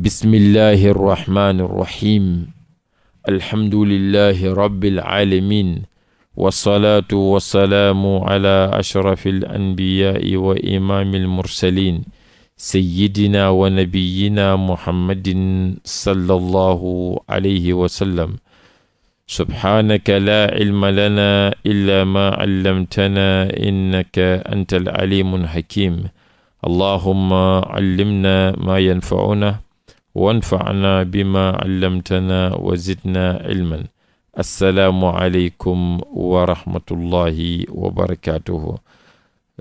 bismillahi arrahmani irrahim alhamdulillahi rabbil alamin wasalaatu wasalaamu ala ashrafi alanbiyaai wa imaami almursalin sayidina wa nabiyina muhammadin sallallahu alayhi wa sallam subhaanaka laa cilma lana illa ma callamtana innaka anta alcalimu alxakim allahumma callimna ma yanfacuna wanfacnaa bimaa callamtanaa wa zidnaa cilman assalaamu aleykum wa rahmatullahi wa barakaatuhu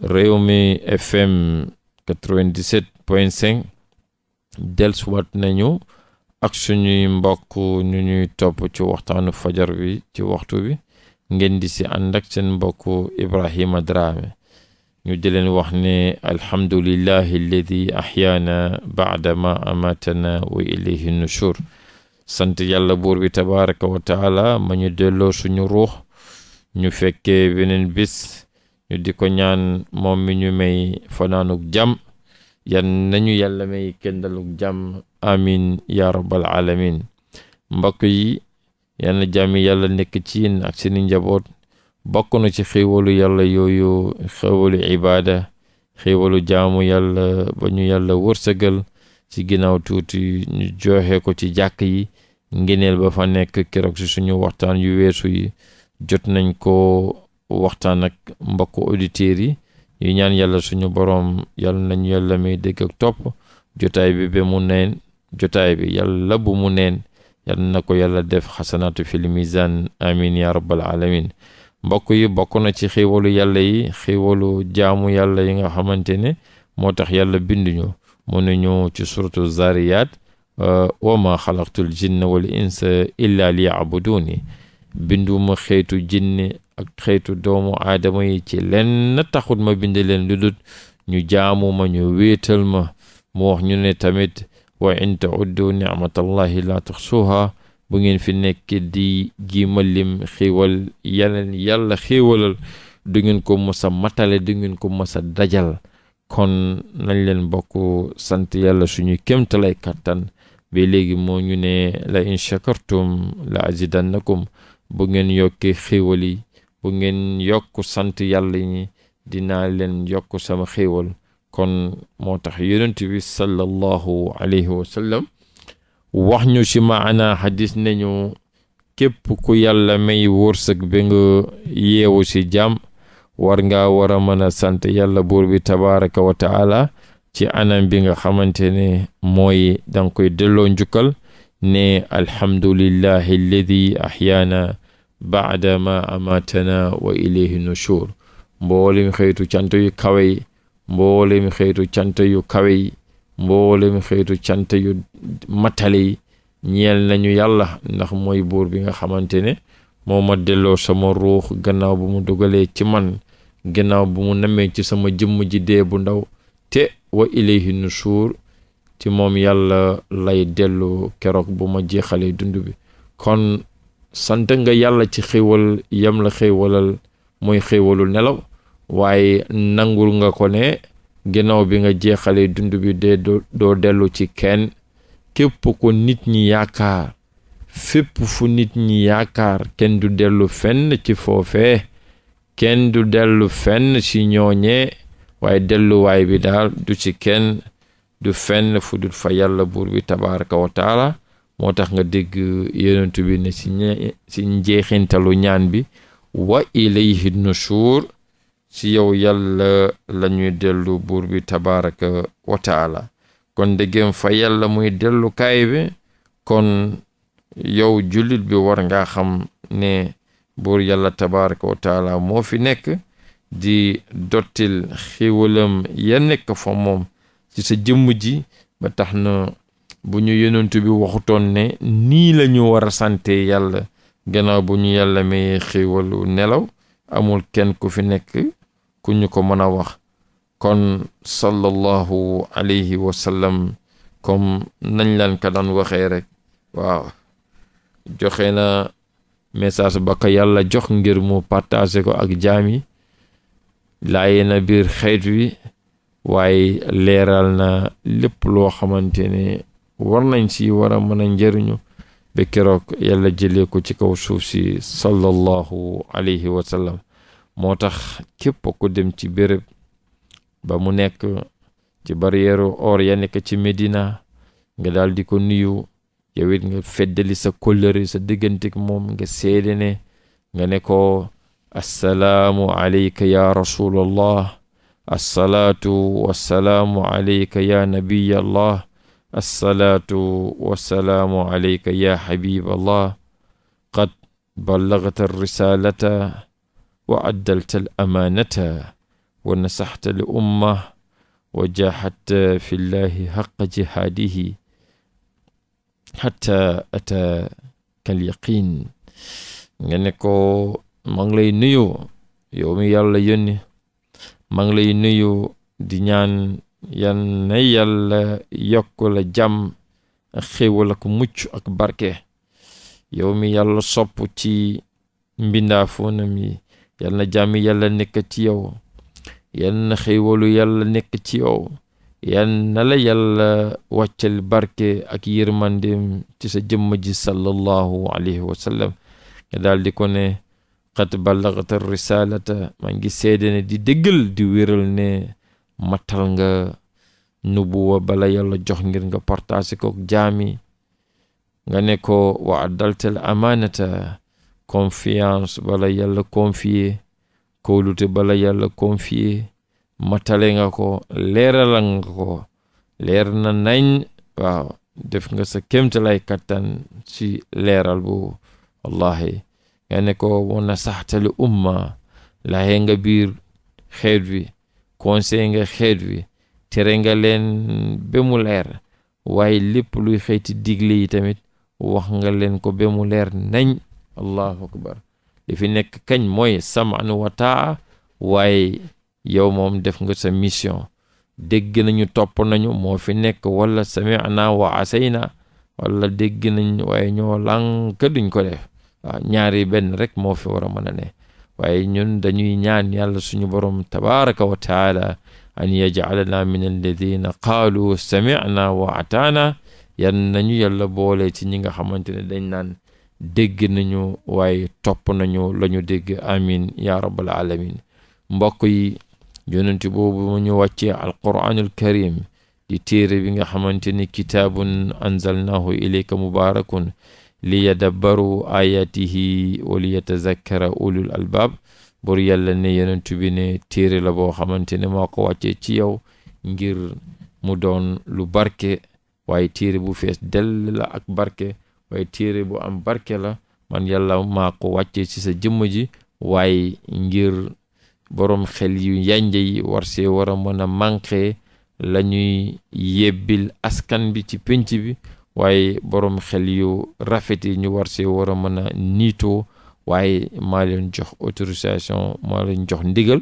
Rewmi FM 97.5 dellusiwaat nañu ak suñuy mbokk ñu ñuy topp ci waxtaanu fajar wi ci waxtu bi ngeen di si ànd ak seen mbokk Ibrahima Drame ñu di leen wax ne alhamdulillahi alladi ahyaana baadama amatana sant yàlla buur bi tabaraka wa taala ma delloo suñu ruux ñu fekkee beneen bis ñu di ko ñaan moom mi ñu may fanaanuk jàmm yan nañu yàlla may kendaluk jàmm amin ya rabbal alamin mbokk yi yann jàmmi yàlla nekk ci yéen ak seeni njaboot bokk na ci xéewalu yàlla yooyu xéewalu ibaada xéewalu jaamu yàlla ba ñu yàlla wërsëgal ci ginnaaw tuuti ñu joxe ko ci jàkk yi ngeneel ba fa nekk keroog si suñu waxtaan yu weesu yi jot nañ ko waxtaan ak mbokku auditeurs yi yu ñaan yàlla suñu boroom yàlla nañu yàlla may dégg ak topp jotaay bi ba mu neen jotaay bi yàlla bu mu neen yàlla na ko yàlla def xasanaatu fil mizan amin ya rabbal alamin mbokk yi bokk na ci xéewalu yàlla yi xéewalu jaamu yàlla yi nga xamante ne moo tax yàlla binduñu mu ne ñu ci suratu zariyat wa ma xalaqtul jinna wal insa illa liya'buduni binduma xeetu jinne ak xeetu doomu aadama yi ci lenn taxut ma bind leen lu dut ñu jaamu ma ñu wéetal ma mu wax ñu ne tamit wa in ta'uddu ni'matallahi la tuhsuha bu ngeen fi nekk di jimalim xiiwal yeneen yàlla xiiwalal du ngeen ko mos a matale du ngeen ko mos a dajal kon nañ leen bokk sant yàlla suñu kémtalay kàttan ba léegi moo ñu ne la in shakartum la azidannakum bu ngeen yokki xiiwal yi bu ngeen yokk sant yàlla ñi dinaa leen yokk sama xiiwal kon moo tax yonent bi sallallahu alayhi wa wax ñu ci maana xadis nañu képp ku yàlla may wërsëg bi nga yeewu ci jàmm war nga war a mën a sant yàlla buur bi tabaraka wa taala ci anam bi nga xamante ne mooy danga koy delloo njukkal ne alhamdulillahi alladi ahyaana baada ma amatana wa ilayhi nushur mboolem xeetu cant yu kawe yi mboolem xeetu cant yu kawe yi mboolem xeetu cant yu matale yi ñeel nañu yàlla ndax mooy buur bi nga xamante ne moo ma delloo sama ruux gannaaw bu mu dogalee ci man gannaaw bu mu namee ci sama jëmm ji dee bu ndaw te wa ilayhi nusuur ci moom yàlla lay dellu keroog bu ma jeexalee dund bi kon sant nga yàlla ci xéwal yam la xéwalal mooy xéwalu nelaw waaye nangul nga ko ne ginnaaw bi nga jeexalee dund bi de doo dellu ci kenn képp ko nit ñi yaakaar fépp fu nit ñi yaakaar kenn du dellu fenn ci foofee kenn du dellu fenn ci ñooñe waaye delluwaay bi daal du ci kenn du fenn fu dul fa yàlla buur bi tabaraka wa moo tax nga dégg yonentu bi ne ci ci ñaan bi wa ilayhi nushur ci yow yàlla la dellu buur bi tabaraka wa kon dëggéem fa yàlla muy dellukaay bi kon yow jullit bi war nga xam ne buur yàlla tabaraka wa moo fi nekk di dottil xiwalam ya nekk fa moom ci sa jëmm ji ba tax na bu ñu yonent bi waxutoon ne nii lañu ñu war a sante yàlla gannaaw bu ñu yàlla may xéwalu nelaw amul kenn ku fi nekk ku ñu ko mën a wax kon sallallahu alayhi wa sallam comme nañ leen ka daan waxee rek waaw joxe na message ba ko yàlla jox ngir mu partager ko ak jaam yi laaye na biir xeet wi waaye leeral na lépp loo xamante ne war nañ si war a mën a njëriñu ba yàlla jëlee ko ci kaw suuf si sallallahu alayhi wa moo tax képp ku dem ci bërëb ba mu nekk ci barrière or ya nekk ci Medina nga daal di ko nuyu yow it nga feddali sa kóllëre sa diggantek moom nga seede ne nga ne ko assalaamu alayka ya rasulallah assalaatu wassalaamu alayka ya nabiyallah assalaatu wassalaamu alayka ya habiballah qad ballagta risalata wa addalta al amaanata wa nasaxta li umma wa jaaxadta fi llahi xaqa jihaadihi xata ataaka al yaqin nga ne ko maa ngi lay nuyu yow mi yàlla yónni maa ngi lay nuyu di ñaan yan na yàlla jàmm ak mucc ak barke yow mi yàlla sopp ci mbindaafoonam yi yal na jàmm yàlla nekk ci yow yal nekk ci yow yal na la yàlla wàccal barke ak yërmandeem ci sa jëmm ji sallallahu alayhi wa sallam di ko ne xat ballagta risalata maa ngi seede ne di déggal di wéral ne matal nga nubuwa bala yàlla jox ngir nga partaasi ko jaami nga ne ko wa addaltal amaanata confiance bala yàlla confier kóolute bala yàlla confier matale nga ko leeralal nga ko leer na nañ waaw def nga sa kémtalay kattan ci leeral bu wallahi nga ne ko wana saxtali umma laxe nga biir xeet wi conseil nga xeet wi tere nga leen ba mu leer waaye lépp luy xeeti digle yi tamit wax nga leen ko ba mu leer nañ allahu akbar li fi nekk kañ mooy samaan wa waaye yow moom def nga sa mission dégg nañu topp nañu moo fi nekk walla sami'na wa asayna wala dégg nañ waaye ñoo lànk duñ ko ñaari benn rek moo fi war a mën a ne waaye ñun dañuy ñaan yàlla suñu borom tabaraka wa taala an yajalana min alladina qaalu sami'na wa ataana yan nañu yàlla boole ci ñi nga xamante ne dañ naan dégg nañu waaye topp nañu lañu ñu dégg amin ya alamin mbokk yi yonent boobu mu ñu wàccee alquraanul karim di téere bi nga xamante ni kitaabun anzalnahu ilayka mubaarakun li yadabbaru ayatihi wa li ulul albaab bur yàlla ne yonent bi ne téere la boo xamante ne moo ko wàccee ci yow ngir mu doon lu barke waaye téere bu fees dell la ak barke waaye téere bu am barke la man yàlla maa ko wàccee ci sa jëmm ji waaye ngir boroom xel yu yànje yi war see war a mën a manqué la ñuy yebbil askan bi ci pénc bi waaye boroom xel yu rafet yi ñu war see war a mën a niitoo waaye maa leen jox autorisation maa leen jox ndigal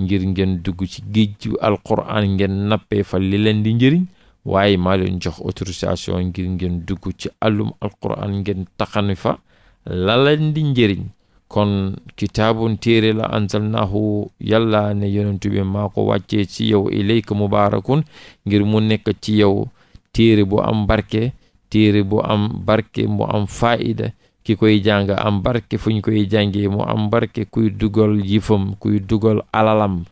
ngir ngeen dugg ci géej ci alquran ngeen nappee fa li leen di njëriñ waaye maa leen jox autorisation ngir ngeen dugg ci àllum alquran ngeen taxani fa la njëriñ kon kitaabun téere la anzalnahu yalla ne yonentu bi maa ko wàccee ci yow ilayka mubaarakun ngir mu nekk ci yow téere bu am barke téere bu am barke mu am faa'ida ki koy jàng am barke fu ñu koy jàngee mu am barke kuy dugal yifam kuy dugal alalam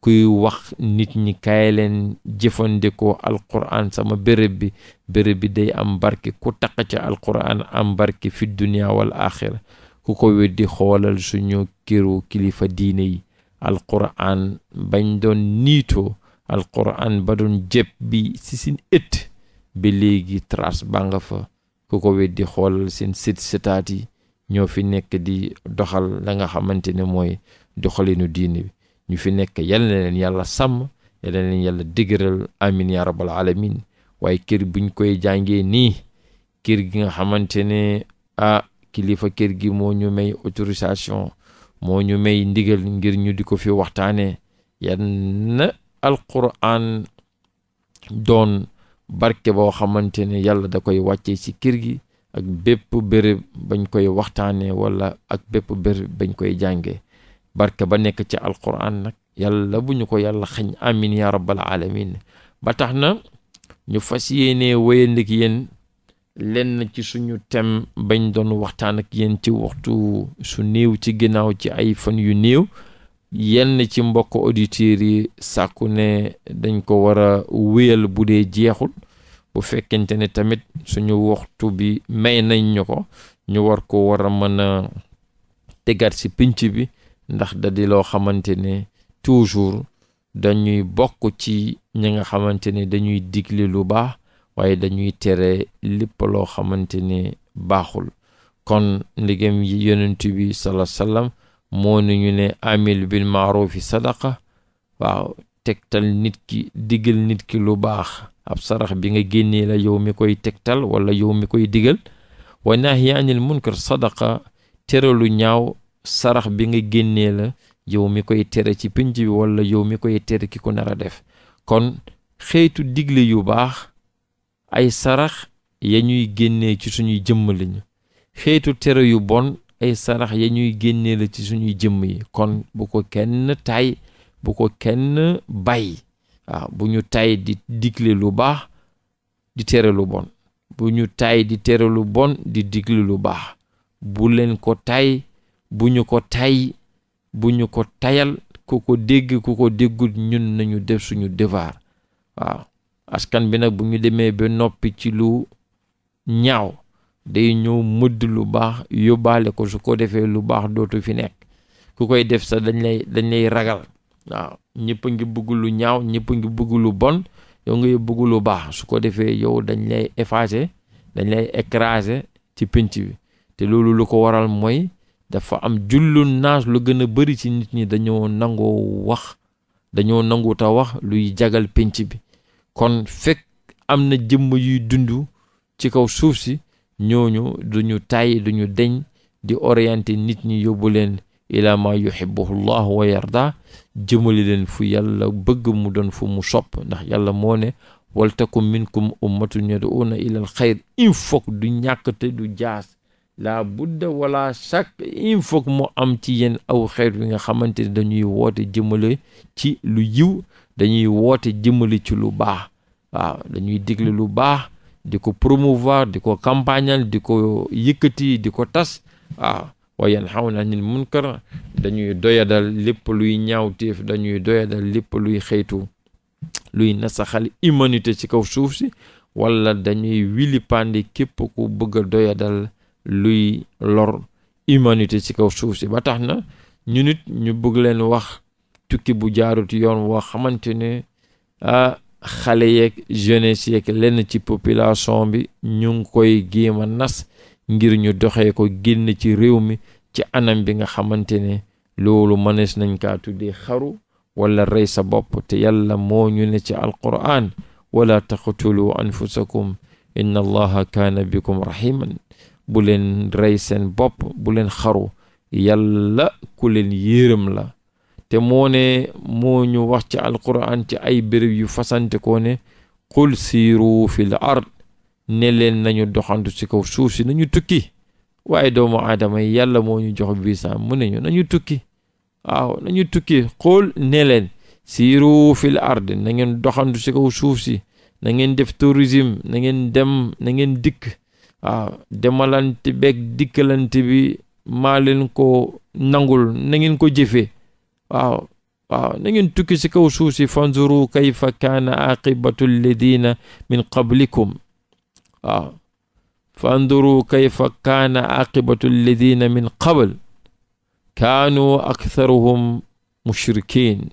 kuy wax nit ñi kay leen jëfandikoo alquran sama béréb bi béréb bi day am barke ku taq ca alquran am barke fi dunia wal ku ko weddi xoolal suñu këru kilifa diine yi alquran bañ doon niitoo alquran ba doon jëpp bi si seen ët ba léegi trace ba nga fa ku ko weddi xoolal seen sët sëtaat yi ñoo fi nekk di doxal la nga xamante ne mooy doxalinu diine bi ñu fi nekk yal na leen yàlla sàmm yal na leen yàlla dëgëral amin ya rabbal alamin waaye kër buñ koy jàngee nii kër gi nga xamante ne ah kilifa kër gi moo ñu may autorisation moo ñu may ndigal ngir ñu di ko fi waxtaanee yan na alquran doon barke boo xamante ne yàlla da koy wàccee ci kër gi ak bépp béréb bañ koy waxtaanee wala ak bépp béréb bañ koy jànge barke ba nekk ci alquran nag yàlla bu ñu ko yàlla xañ amin ya rabbal alamin ba tax na ñu fas yéenee wéyandik yéen lenn ci suñu tem bañ doon waxtaan ak yéen ci waxtu su niiw ci ginnaaw ci ay fan yu néew yenn ci mbokk auditeurs yi sàkku ne dañ ko war a wéyal bu dee jeexul bu fekkente ne tamit suñu waxtu bi may nañ ñu ko ñu war ko war a mën a tegaat si pinc bi ndax da di loo xamante ne toujours dañuy bokk ci ñi nga xamante ne dañuy digle lu baax waaye dañuy tere lépp loo xamante ne baaxul kon ndigam yi yonent bi sala sallam moo nañu ne amil bil maarufi sadaqa waaw tegtal nit ki digal nit ki lu baax ab sarax bi nga génnee la yow mi koy tegtal walla yow mi koy digal wa nahyi anil munkar sadaqa tere lu ñaaw sarax bi nga génnee la yow mi koy tere ci pinc bi wala yow mi koy tere ki ko nar def kon xeetu digle yu baax ay sarax ya ñuy génnee ci suñuy jëmm lañu xeetu tere yu bon ay sarax ya ñuy génnee la ci suñuy jëmm yi kon bu ko kenn tay bu ko kenn bay waaw bu ñu tay di digle lu baax di tere lu bon bu ñu tay di tere lu bon di digle lu baax bu leen ko tay bu ñu ko tay bu ñu ko tayal ku ko dégg ku ko déggul ñun nañu def suñu devoir waaw askan bi nag bu ñu demee ba noppi ci lu ñaaw day ñëw mëdd lu baax yóbbaale ko su ko defee lu baax dootu fi nekk ku koy def sax dañ lay dañ lay ragal waaw ñëpp ngi bëgg lu ñaaw ñëpp ngi bëgg lu bon yow ngay bëgg lu baax su ko defee yow dañ lay effacer dañ lay écraser ci pinc bi te loolu lu ko waral mooy dafa am jullu naas lu gën a bëri ci nit ñi dañoo nangoo wax dañoo nanguta wax luy jagal pénc bi kon fekk am na jëmm yuy dund ci kaw suuf si ñooñu duñu tàyyi duñu deñ di orienté nit ñi yóbbu leen ila ma yuhibbuhu llahu wa yarda jëmali leen fu yàlla bëgg mu doon fu mu sopp ndax yàlla moo ne waltakum minkum ummatun yad'una ila al xayr il faut du ñàkkte du jaas laa budda wala chaque il faut mu am ci yéen aw xeet wi nga xamante ne dañuy woote jëmale ci lu yiw dañuy woote jëmale ci lu baax waaw dañuy digle lu baax di ko promouvoir di ko campagnal di ko yëkkati di ko tas waaw wa yanhawna mun munkar dañuy doyadal lépp luy ñaawteef dañuy doyadal lépp luy xëytu luy nasaxal humanité ci kaw suuf si wala dañuy wili pandi képp ku bëgg a doyadal luy lor imanité ci kaw suuf si ba tax na ñu nit ñu bëgg leen wax tukki bu jaarut yoon woo xamante ne ah xale yeeg jeunesse yeeg lenn ci population bi ñu ngi koy géema nas ngir ñu doxee ko génn ci réew mi ci anam bi nga xamante ne loolu mënees nañ kaa tuddee xaru wala rey sa bopp te yàlla moo ñu ne ci alquran wala taqtulu anfusakum inna allaha kaana bikum rahiman bu leen rey seen bopp bu leen xaru yàlla ku leen yërëm la te moo ne moo ñu wax ci alquran ci ay béréb yu fasante ko ne qul siiru fil ard ne leen nañu doxantu ci kaw suuf si nañu tukki waaye doomu aadama yi yàlla moo ñu jox biisaam mu ne ñu nañu tukki waaw nañu tukki qul ne leen siiru fil ard na ngeen doxantu ci kaw suuf si na ngeen def tourisme na ngeen dem na ngeen dikk waaw demalante beeg dikkalante bi maa leen ko nangul na ko jëfee waaw tukki ci kaw suuf si fanzuru kayfa kaana aqibatu alladina min qablikum waaw fanzuru kayfa kaana aqibatu alladina min qabl kaanu aktharuhum mushrikin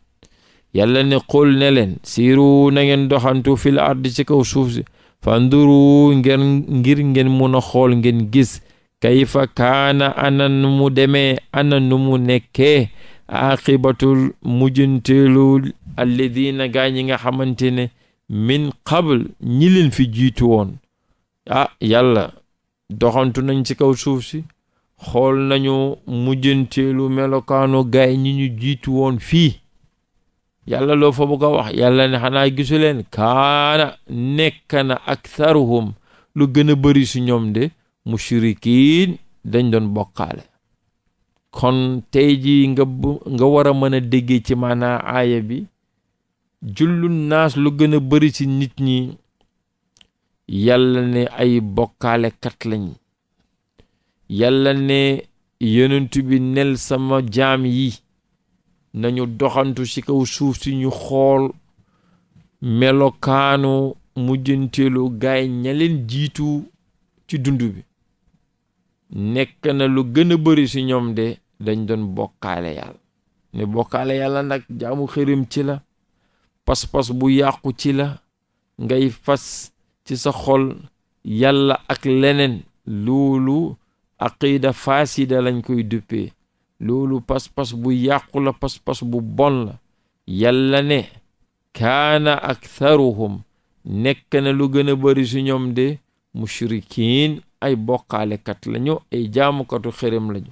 yàlla ne xool ne leen siiru na ngeen doxantu fil ardi ci kaw suuf si fanduru ngeen ngir ngeen mun a xool ngeen gis kayfa kaana ana nu mu demee ana nu mu nekkee aqibatul mujjanteelu alladina nga xamante ne min qabl fi jiitu woon ah yàlla doxantu nañ ci kaw suuf si xool nañu mujjanteelu melokaanu gaay ñi jiitu woon fii yàlla loo fa bëgg a wax yàlla ne xanaa gisu leen kaana nekk na aktharuhum lu gën a bëri su ñoom de mushrikiin dañ doon bokkaale kon tey jii nga nga war a mën a déggee ci maanaa aaya bi jullu naas lu gën a bëri ci nit ñi yàlla ne ay bokkaalekat lañ yàlla ne yonent bi nel sama jaam yi nañu doxantu ci kaw suuf si ñu xool melokaanu mujjanteelu gaay ña leen jiitu ci dund bi nekk na lu gën a bari ci ñoom de dañ doon bokkaale yàlla ne bokkaale yàlla nag jaamu xërëm ci la pas-pas bu yàqu ci la ngay fas ci sa xol yàlla ak leneen loolu aqida faasida lañ koy duppee loolu pas-pas bu yàqu la pas-pas bu bon la yàlla ne kaana aktharuhum nekk na lu gën a bari su ñoom de mushrikiin ay bokkaalekat lañu ay jaamukatu xërëm lañu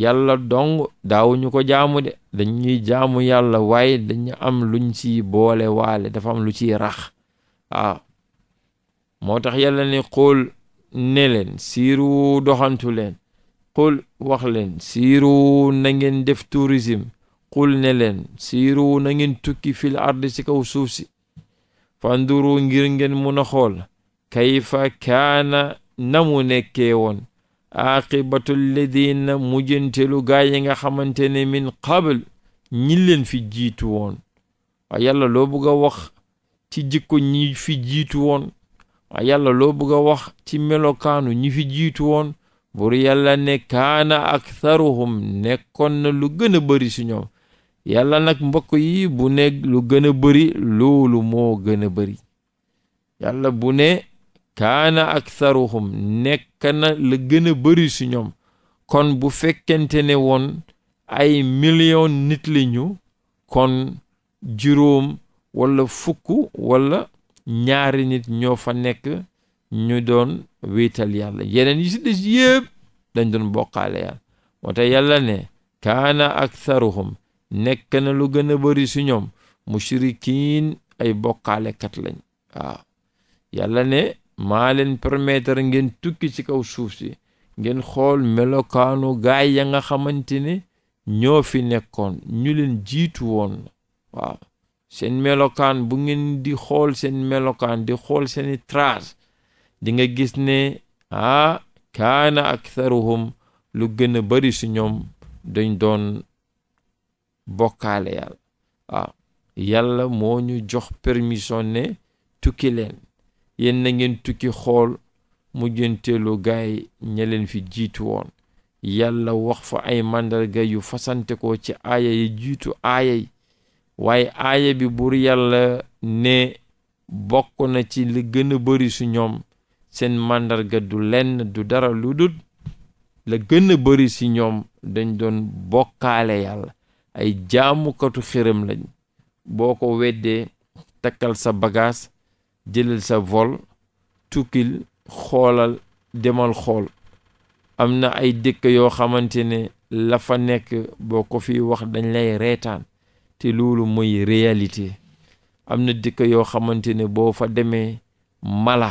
yàlla dong daawuñu ko jaamu de dañuy jaamu yàlla waaye dañu am luñ ci boole waale dafa am lu ci rax aw moo tax yàlla ne xool ne leen siiru doxantu leen qul wax leen siiru nangeen def tourisme qul ne leen siiru nangeen ngeen tukki fil ardi ci kaw suuf si fanduru ngir ngeen mën a xool kayfa kaana na mu woon aqibatu ledina mujjantelu gaa yi nga xamante ne min qabl ñi leen fi jiitu woon waaye yàlla loo bëgg wax ci jikko ñi fi jiitu woon waaye yàlla loo bëgg a wax ci melokaanu ñi fi jiitu woon buur yàlla ne kaana aktharuhum nekkoon na lu gën a si ñoom yàlla nag mbokk yi bu ne lu gën a bëri loolu moo gën a yàlla bu ne kaana ak saruxum nekk na lu gën a bëri si ñoom kon bu fekkente ne woon ay million nit li ñu kon juróom wala fukk wala ñaari nit ñoo fa nekk ñu doon wéetal yàlla yeneen yi si des yëpp dañ doon bokkaale yàlla moo tax yàlla ne kaana ak aktharuhum nekk na lu gën a bari su ñoom mushrikiin ay bokkaalekat lañ waaw yàlla ne maa leen permettre ngeen tukki ci kaw suuf si ngeen xool melokaanu gaay ya nga xamante ne ñoo fi nekkoon ñu leen jiitu woon waaw seen melokaan bu ngeen di xool seen melokaan di xool seeni traas di gis ne ah kaana ak aktharuhum lu gën a bari si ñoom dañ doon bokkaale yàlla ah, yàlla moo ñu jox permission ne tukki leen yéen na ngeen tukki xool mujjanteelu gaay ña fi jiitu woon yàlla wax fa ay màndarga yu fasante ko ci aaya yi jiitu aaya yi waaye aaya bi buur yàlla ne bokk na ci li gën a bari su ñoom seen màndarga du lenn du dara lu dul la gën a bëri ci ñoom dañ doon bokkaale yàlla ay jaamukatu xërëm lañ boo ko weddee takkal sa bagaas jëlal sa vol tukkil xoolal demal xool am na ay dëkk yoo xamante ne la fa nekk boo ko fi wax dañ lay reetaan te loolu mooy réalité am na dëkk yoo xamante ne boo fa demee mala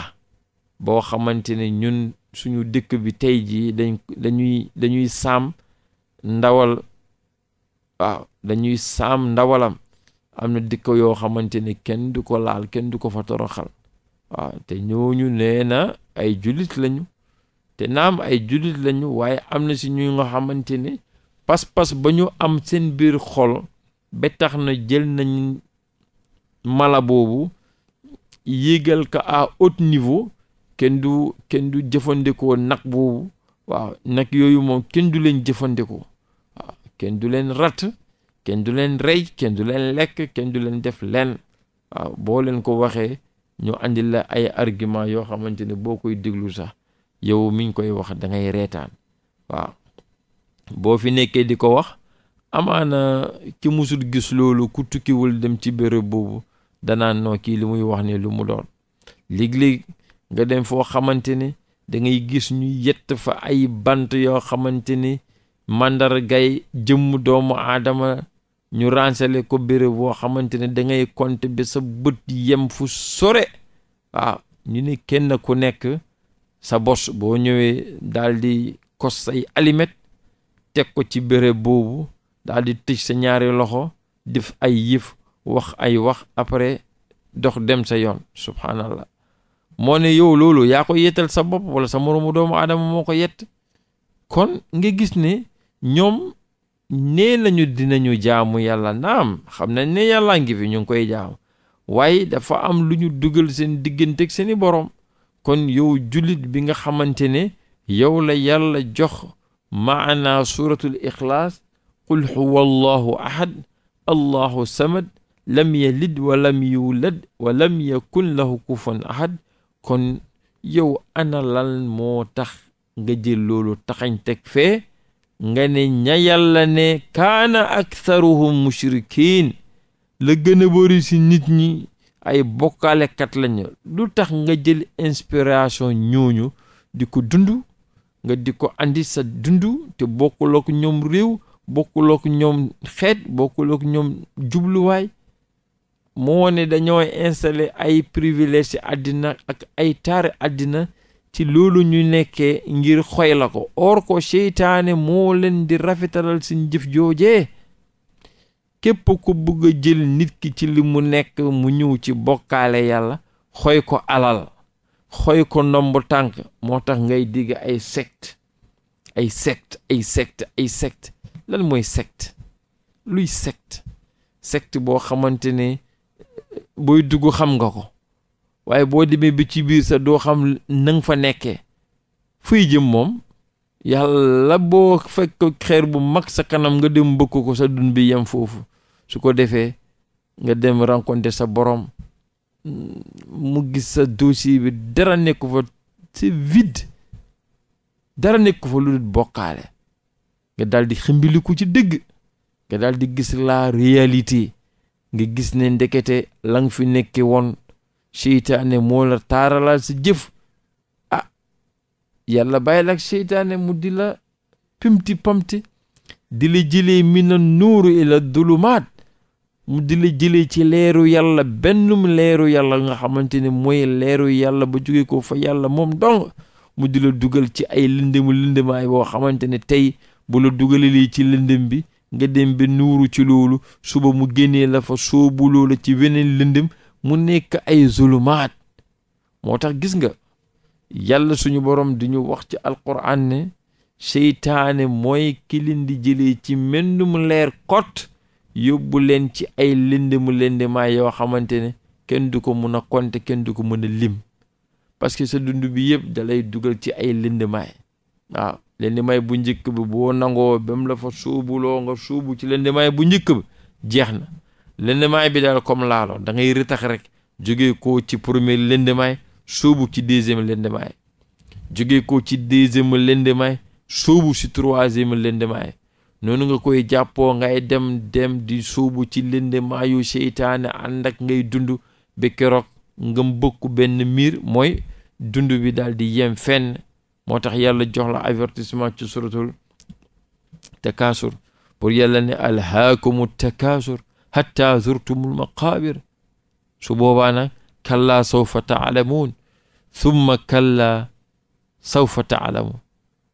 boo xamante ne ñun suñu dëkk bi tey jii dañ dañuy dañuy saam ndawal waaw dañuy saam ndawalam am na dëkk yoo xamante ne kenn du ko laal kenn du ko fa toroxal waaw te ñooñu nee na ay jullit lañu te naam ay jullit lañu waaye am na si ñu nga xamante ne pas-pas ba ñu am seen biir xol ba na jël nañ mala boobu yéegal ko à haut niveau kenn du kenn du jëfandikoo nag boobu waaw nag yooyu moom kenn du leen jëfandikoo waaw kenn du leen rat kenn du leen rey kenn du leen lekk kenn du leen def leen waaw boo leen ko waxee ñu andi la ay argument yoo xamante ne boo koy déglu sax yow mi ngi koy wax dangay reetaan waaw boo fi nekkee di ko wax amaana ki musul gis loolu ku tukkiwul dem ci béréb boobu danaan noo kii li muy wax ne lu mu doon léeg-léeg nga dem foo xamante ne da ngay gis ñu yett fa ay bant yoo xamante ni màndargay jëmm doomu aadama ñu ransale ko béréb woo xamante ne da ngay compter ba sa bët yem fu sore waaw ñu ne kenn ku nekk sa bos boo ñëwee dal di kos say alimet teg ko ci béréb boobu dal di tëj sa ñaari loxo def ay yëf wax ay wax après dox dem sa yoon subhanallah moo ne yow loolu yaa ko yettal sa bopp wala sa moroomu doomu aadama moo ko yett kon nga gis ne ñoom nee nañu dinañu jaamu yàlla naam xam nañ ne yàllaa ngi fi ñu ngi koy jaamu waaye dafa am lu ñu dugal seen diggante ak seeni boroom kon yow julit bi nga xamante ne yow la yàlla jox maanaa suuratul ixlaas qul huwa allahu ahad allahu samad lam yalid wa lam yulad wa lam yakun lahu kufan ahad kon yow ana lan moo tax nga jël loolu taxañ teg fee nga ne ña yàlla ne kaana ak aktharuhum mushrikiin la gën a bëri ci nit ñi ay bokkalekat lañu lu tax nga jël inspiration ñooñu di ko dund nga di ko indi sa dund te bokkuloo ñoom réew bokkuloo ñoom xeet bokkuloo ñoom jubluwaay moo ne dañoo installé ay privilège ci àddina ak ay taari àddina ci loolu ñu nekkee ngir xoy la ko or ko seytaane moo leen di rafetalal seen jëf joojee képp ko bëgg a jël nit ki ci li mu nekk mu ñëw ci bokkaale yàlla xooy ko alal xooy ko ndomb tànk moo tax ngay digg ay secte ay secte ay secte lan mooy secte luy secte secte boo xamante ne booy dugg xam nga ko waaye boo demee bi ci biir sa doo xam nang fa nekkee fuy jëm moom yàlla boo fekk xeer bu mag sa kanam nga dem bëkk ko sa dund bi yem foofu su ko defee nga dem rencontrer sa borom mu gis sa dossier bi dara nekk fa c'est vide dara nekk fa lu dul bokkaale nga daal di ximbiliku ci dëgg nga daal di gis la réalité ngi gis ne ndekete la fi nekke woon seytaane moo la taaralaal sa jëf ah yàlla bàyyi la seytaane mu di la pimti pamti di la jëlee mina nuuru ila dulumaat mu di la jëlee ci leeru yàlla bennum leeru yàlla nga xamante ne mooy leeru yàlla ba jóge ko fa yàlla moom dong mu di la dugal ci ay lëndëmu lëndëmaay boo xamante ne tey bu la dugalee ci lëndëm bi nga dem ba nuuru ci loolu suba mu génnee la fa soobu loola ci weneen lëndëm mu nekk ay zulumaat moo tax gis nga yàlla suñu borom duñu wax ci alquran ne seytaane mooy kilin di jëlee ci menn leer kot yóbbu leen ci ay lëndëm lëndëmaa yoo xamante ne kenn du ko mun a compter kenn du ko mën a lim parce que sa dund bi yëpp dalay dugal ci ay lëndëmaay waaw leen bu njëkk bi boo nangoo ba mu la fa suubuloo nga suubu ci leen di bu njëkk bi jeex na lendemaay bi daal comme laalo dangay ngay rek jóge ko ci premier lendemaay sóobu ci deuxième lendemaay jóge ko ci deuxième lendemaay sóobu ci troisième lendemaay noonu nga koy jàppoo ngay dem dem di sóobu ci lendemaayu seytaane ànd ak ngay dund ba keroog nga mbëkku benn miir mooy dund bi daal di yem fenn moo tax yàlla jox la avertissement ci suratul takaasur pour yàlla ne alhaakumu takaasur hatta zurtumul maqaabir su boobaa nag kallaa sawfa taalamuun thumma kallaa sawfa taalamuun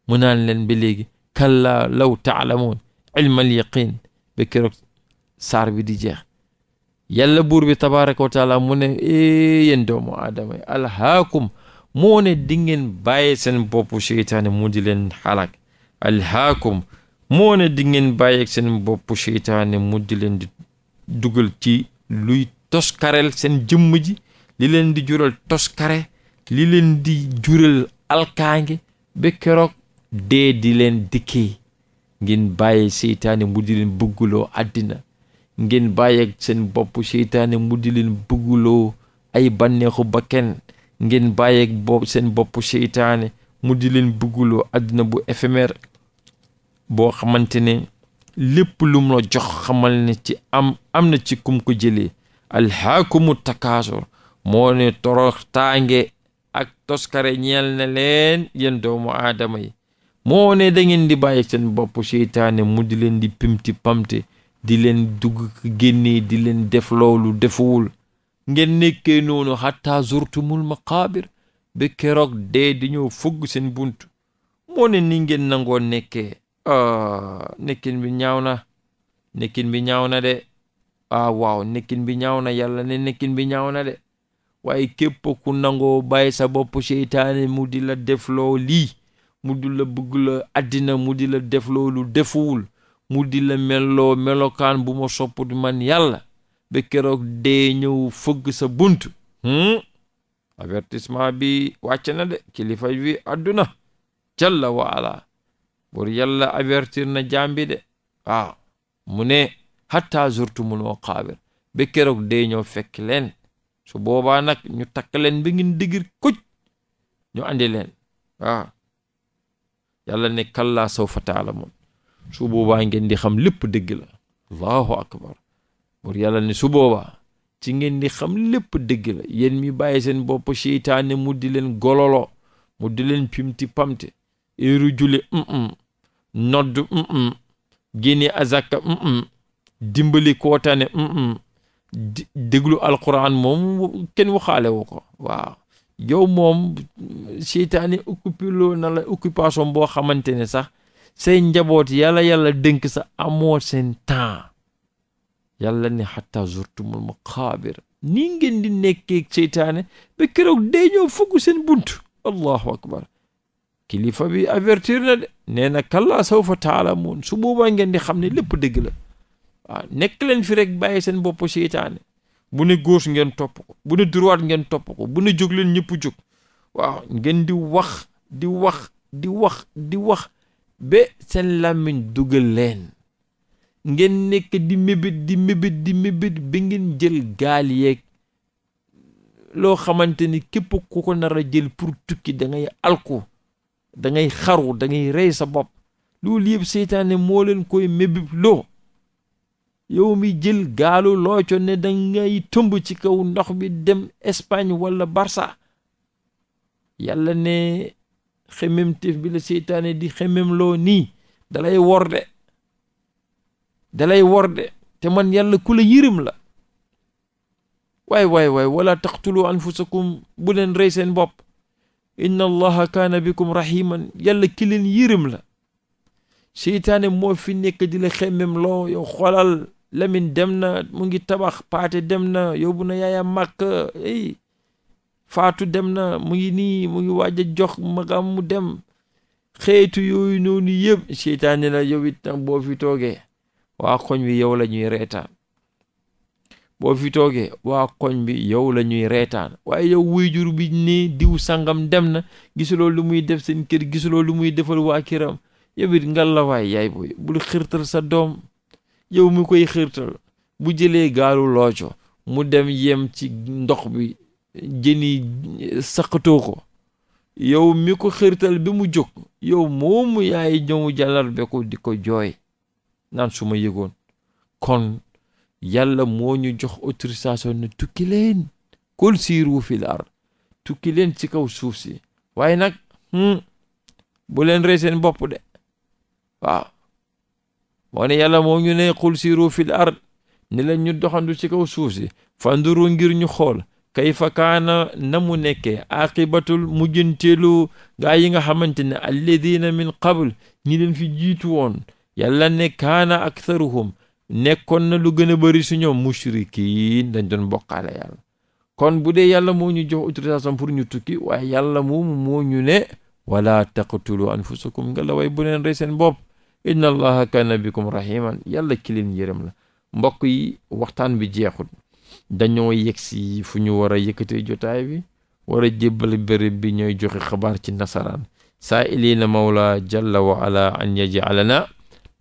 mu naan leen ba léegi kallaa law taalamuun ilmal yaqin ba keroog saar bi di jeex yàlla buur bi tabaraka wa taala mu ne yéen doomu aadama alhaakum moo ne di ngeen seen bopp seytaane mu di leen xalak alhaakum moo ne di ngeen seen bopp seytaane mu di leen di dugal ci luy toskareel seen jëmm ji li leen di jural toskare li leen di jural alkaange ba keroog dee di leen dikkee ngeen bàyyi seytaane mu di leen bëgguloo àddina ngeen bàyyeek seen bopp seytaane mu di leen bëgguloo ay bànneexu bakken ngeen bàyyeeg boobu seen bopp seytaane mu di leen bugguloo àdduna bu éphémère boo xamante ne lépp lu mu la jox xamal ne ci am am na ci kum ko jëlee alhaakumu takaasur moo ne torox ak toskare ñeel na leen yéen doomu aadama yi moo ne da di bàyyi seen bopp seytaane mu di leen di pimti pamte di leen dugg génnee di leen def loolu defuwul ngeen nekkee noonu hatta zurtumul maqaabir ba keroog dee di ñëw fugg seen bunt moo ne ni ngeen nangoo nekkee ah, nekkin bi ñaaw na nekkin bi ñaaw na de ah waaw nekkin bi ñaaw na yàlla ne nekkin bi ñaaw na de waaye képp ku nangoo bàyyi sa bopp seytaane mu di la defloo lii mu di la bëgg la àddina mu di la defloo lu defuwul mu di la melloo melokaan bu ma sopput man yàlla ba keroog dee ñëw fëgg sa bunt hmm? avertissement bi wàcc na de kilifa bi àdduna jalla wa ala bur yàlla avertir na jambi de waaw mu ne hatta zurtumul maqabir ba keroog dee ñëw fekk leen su boobaa nag ñu takk leen ba ngeen digir kuj ñu andi leen waaw yàlla ne kallaa sawfa taalamun su boobaa ngeen di xam lépp dëgg la allahu akbar buur yàlla ne su boobaa ci ngeen di xam lépp dëgg la yéen mi bàyyi seen bopp seytaane mu di leen gololo mu di leen pimti pamte éeru jule nodd mm génne azaka mm dimbali kootane mm déglu alquran moom kenn waxaale wu ko waaw moom seytaane occupé loo na boo xamante ne sax say njaboot yàlla yàlla dënk sax amoo seen temps yàlla ne xatta zurtumul maqaabir ni ngeen di nekkee seytaane ba keroog dee ñoo fugg seen bunt allahu akbar kilifa bi avertir na de nee na kallaa sawfa taalamuun su boobaa ngeen di xam ne lépp dëgg la waaw nekk leen fi rek bàyyi seen bopp seytaane bu ne gauche ngeen topp ko bu ne ngeen topp ko bu ne jóg leen ñëpp jóg waaw ngeen di wax di wax di wax di wax ba seen làmmiñ dugal leen ngeen nekk di mébét di mébét di mébét ba ngeen jël gaal yeeg loo xamante ni képp ku ko nar a jël pour tukki dangay alku dangay xaru dangay ngay rey sa bopp loolu yëpp seytaane moo leen koy mébét loo yow mi jël gaalu looco ne da ngay tëmb ci kaw ndox bi dem Espagne walla barsa yàlla ne xememteef bi la seytaane di xemem loo nii dalay wor de dalay wor te man yàlla ku la la waay waay waay wala taqtulu anfusakum bu leen rey seen bopp inna allaha kaana bikum rahiman yàlla ki leen yërëm la seytaane moo fi nekk di la xemmem loo yow xoolal lamin dem na mu ngi tabax paate dem na yow bu na yaaya màkk ey faatu dem na mu ngi nii mu ngi waaj a jox magam mu dem xeetu yooyu noonu yëpp seytaane la yow it boo fi toogee waa koñ bi yow lañuy ñuy reetaan boo fi toogee waa koñ bi yow lañuy ñuy reetaan waaye yow jur bi ne diw sangam dem na gisuloo lu muy def seen kër gisuloo lu muy defal waa kiram yow it ngal la waay yaay boy bul xirtal sa doom yow mi koy xirtal bu jëlee gaalu looco mu dem yem ci ndox bi jëni saqatoo ko yow mi ko xirtal bi mu jóg yow moomu yaay ñëw jalar be ko di ko jooy naan su ma yëgoon kon yàlla moo ñu jox autorisation ne tukki leen kul siiru fil ard tukki leen ci kaw suuf si waaye nag hmm, bu leen rey seen bopp de waaw moo ne yàlla moo ñu ne kul siiru fil ard ni leen ñu doxandu ci kaw suuf si fanduru ngir ñu xool kayfa kaana na mu nekkee aqibatul mujjanteelu gaa yi nga xamante ne alladina min qabl ñi leen fi jiitu woon yàlla ne kaana aktharuhum nekkoon na lu gën a bëri su ñoom mushrikiin dañ doon bokkaale yàlla kon bu dee yàlla moo ñu jox autorisation pour ñu tukki waaye yàlla moomu moo ñu ne wala taqtulu anfusakum nga la bu neen rey seen bopp inna allaha kaana bikum rahiman yàlla kileen yërëm la mbokk yi waxtaan bi jeexul dañoo yegsi fu ñu war a yëkkatee jotaay bi war a jébbal béréb bi ñooy joxe xabaar ci nasaraan saa ilina mawla jalla wa an yajalana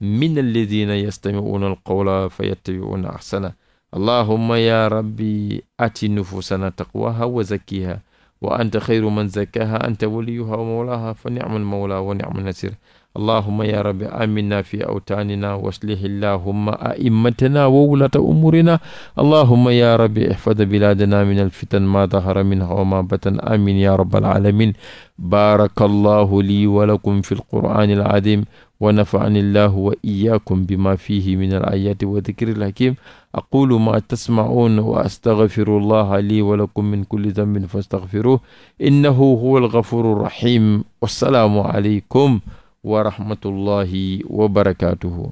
min alladina yastamiuuna alqawla fa yattabiuuna ahsana allahumma ya rabbi ati nufusana taqwaha wa zakkiha wa anta xayru man zakkaha anta waliyuha wa mawlaha fa nicma almawla wa nicma nasir allahumma ya rabbi aminna fi awtaanina wa aslih illahumma a'immatana wa wulata umurina allahumma ya rabbi ihfad biladana min alfitan ma dahara minha wa ma batan amin ya rabbal alamin baaraka allahu lii wa lakum fi alqur'ani alazim wa nafaani illahu wa iyaakum bima fihi min al ayati wa dikri al hakim aqulu ma tasmaun wa astaghfiru allaha lii wa lakum min kulli dambin fastaghfiruh innahu huwa al ghafuru rahim wassalaamu aleykum wa rahmatullahi wa barakatuhu